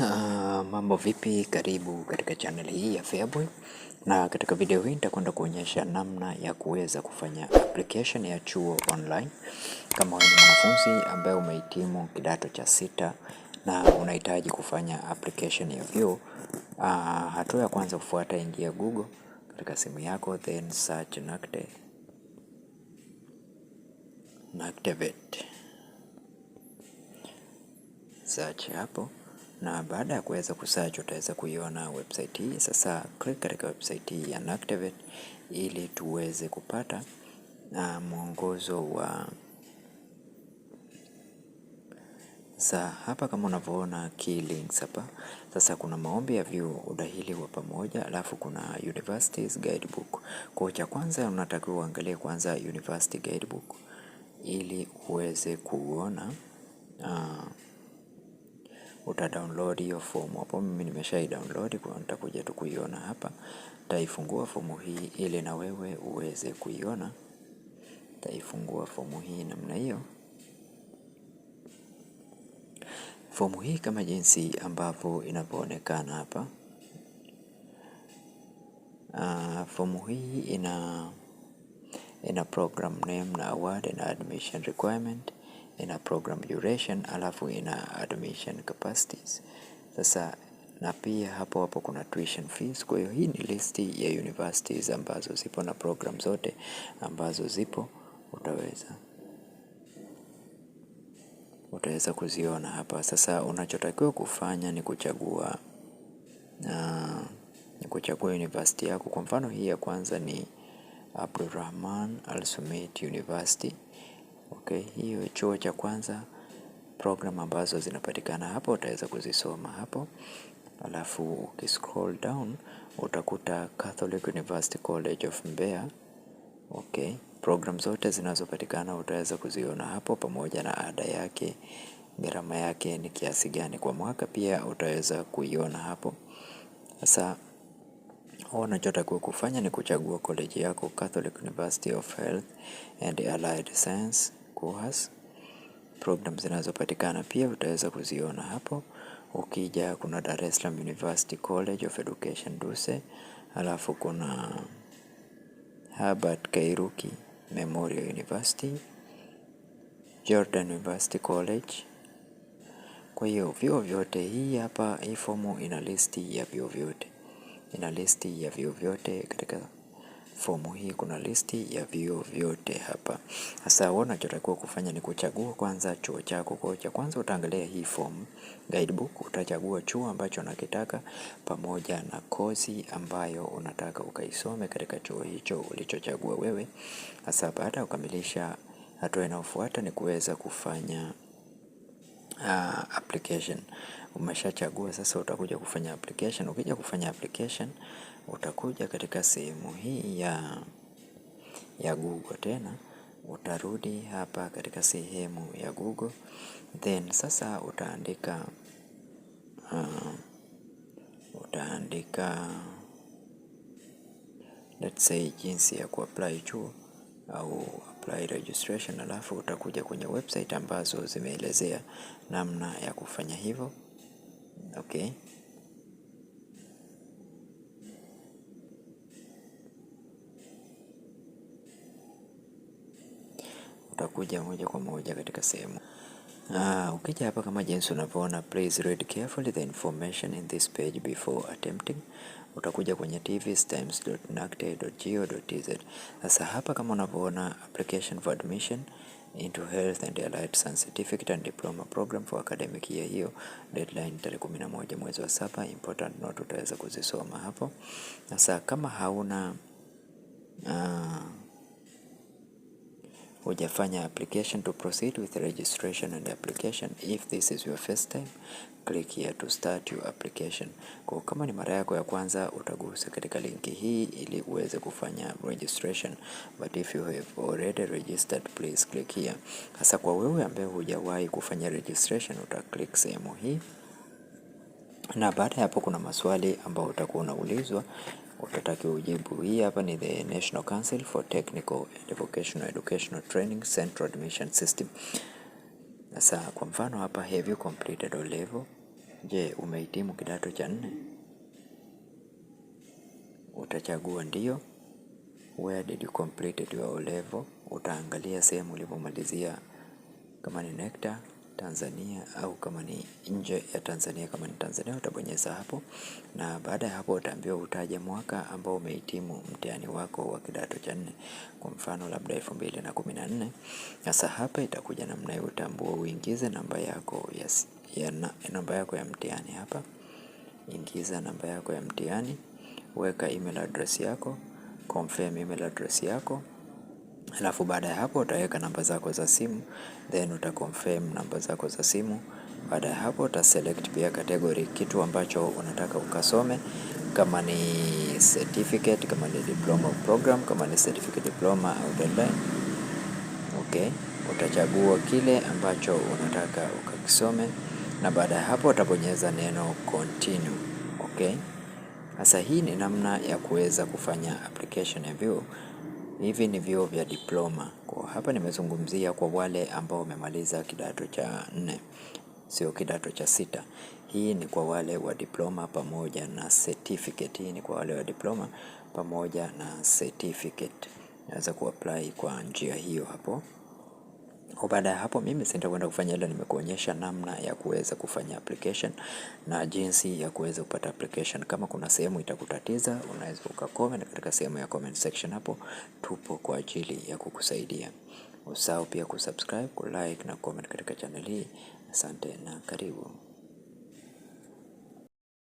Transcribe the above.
Uh, mambo vipi? Karibu katika channel hii ya Feaboy, na katika video hii nitakwenda kuonyesha namna ya kuweza kufanya application ya chuo online. Kama wewe ni mwanafunzi ambaye umehitimu kidato cha sita na unahitaji kufanya application ya vyuo, uh, hatua ya kwanza kufuata, ingia Google katika simu yako, then search NACTE NACTEVATE, search hapo na baada ya kuweza kusearch utaweza kuiona website hii. Sasa click katika website hii ya NACTIVATE ili tuweze kupata na ah, mwongozo wa Sa hapa kama unavyoona key links hapa. Sasa kuna maombi ya vyuo, udahili wa pamoja, alafu kuna universities guidebook. Kwa cha kwanza unatakiwa uangalie kwanza university guidebook ili uweze kuona uh, uta download hiyo fomu hapo. Mimi nimeshai download, kwa nitakuja tu kuiona hapa. Taifungua fomu hii ili na wewe uweze kuiona. Taifungua fomu hii namna hiyo. Fomu hii kama jinsi ambavyo inavyoonekana hapa. Uh, fomu hii ina ina program name na award na admission requirement ina program duration alafu ina admission capacities. Sasa na pia hapo hapo kuna tuition fees. Kwa hiyo hii ni listi ya universities ambazo zipo na program zote ambazo zipo, utaweza utaweza kuziona hapa. Sasa unachotakiwa kufanya ni kuchagua na ni kuchagua university yako. Kwa mfano hii ya kwanza ni abdurahman Al University. Okay, hiyo chuo cha kwanza program ambazo zinapatikana hapo utaweza kuzisoma hapo, alafu ukiscroll down utakuta Catholic University College of Mbeya. Okay, program zote zinazopatikana utaweza kuziona hapo pamoja na ada yake, gharama yake ni kiasi gani kwa mwaka, pia utaweza kuiona hapo. Sasa unachotakiwa kufanya ni kuchagua college yako Catholic University of Health and Allied Science course program zinazopatikana pia utaweza kuziona hapo. Ukija kuna Dar es Salaam University College of Education Duse, alafu kuna Herbert Kairuki Memorial University, Jordan University College. Kwa hiyo vyuo vyote, hii hapa hii fomu ina listi ya vyuo vyote, ina listi ya vyuo vyote katika Fomu hii kuna listi ya vyuo vyote hapa. Sasa wewe unachotakiwa kufanya ni kuchagua kwanza chuo chako. Kwa cha kwanza utaangalia hii fomu guidebook, utachagua chuo ambacho unakitaka pamoja na kozi ambayo unataka ukaisome katika chuo hicho ulichochagua wewe. Sasa baada ya kukamilisha, hatua inayofuata ni kuweza kufanya uh, application umeshachagua sasa, utakuja kufanya application. Ukija kufanya application, utakuja katika sehemu hii ya, ya Google tena utarudi hapa katika sehemu ya Google, then sasa utaandika uh, utaandika let's say jinsi ya kuapply chuo au apply registration, alafu utakuja kwenye website ambazo zimeelezea namna ya kufanya hivyo ok utakuja moja kwa moja katika sehemu Uh, ukija hapa kama jinsi unavyoona, please read carefully the information in this page before attempting. Utakuja kwenye tvstimes.nacte.go.tz. Sasa hapa kama unavyoona application for admission into Health and Allied Science Certificate and Diploma Program for academic year hiyo. Deadline tarehe kumi na moja mwezi wa saba. Important note utaweza kuzisoma hapo. Sasa kama hauna uh, hujafanya application to proceed with registration and application. If this is your first time, click here to start your application. Kwa kama ni mara yako ya kwanza, utagusa katika linki hii ili uweze kufanya registration, but if you have already registered please click here. Hasa kwa wewe ambaye hujawahi kufanya registration, uta click sehemu hii na baada ya hapo kuna maswali ambayo utakuwa unaulizwa utatakiwa ujibu. Hii hapa ni the National Council for Technical and Vocational Educational Training Central Admission System. Sasa kwa mfano hapa, have you completed O level? Je, umehitimu kidato cha nne? Utachagua ndio. Where did you complete your O level? Utaangalia sehemu ulipomalizia, kama ni NECTA Tanzania au kama ni nje ya Tanzania, kama ni Tanzania utabonyeza hapo, na baada ya hapo utaambiwa utaje mwaka ambao umehitimu mtihani wako wa kidato cha nne, kwa mfano labda elfu mbili na kumi na nne. Sasa hapa itakuja namna ya utambua, uingize namba yako yes, ya na, namba yako ya mtihani hapa, ingiza namba yako ya mtihani, weka email address yako, confirm email address yako Alafu baada ya hapo utaweka namba zako za simu, then uta confirm namba zako za simu. Baada ya hapo uta select pia category, kitu ambacho unataka ukasome, kama ni certificate, kama ni diploma program, kama ni certificate diploma au deadline. Okay, utachagua kile ambacho unataka ukakisome, na baada ya hapo utabonyeza neno continue. Okay, sasa hii ni namna ya kuweza kufanya application ya vyuo. Hivi ni vyuo vya diploma. Kwa hapa nimezungumzia kwa wale ambao wamemaliza kidato cha nne, sio kidato cha sita. Hii ni kwa wale wa diploma pamoja na certificate. Hii ni kwa wale wa diploma pamoja na certificate. Naweza kuapply kwa njia hiyo hapo. Kwa baada ya hapo mimi sitakwenda kufanya ila nimekuonyesha namna ya kuweza kufanya application na jinsi ya kuweza kupata application. Kama kuna sehemu itakutatiza, unaweza comment katika sehemu ya comment section, hapo tupo kwa ajili ya kukusaidia. Usahau pia kusubscribe, kulike na comment katika channel hii. Asante na karibu.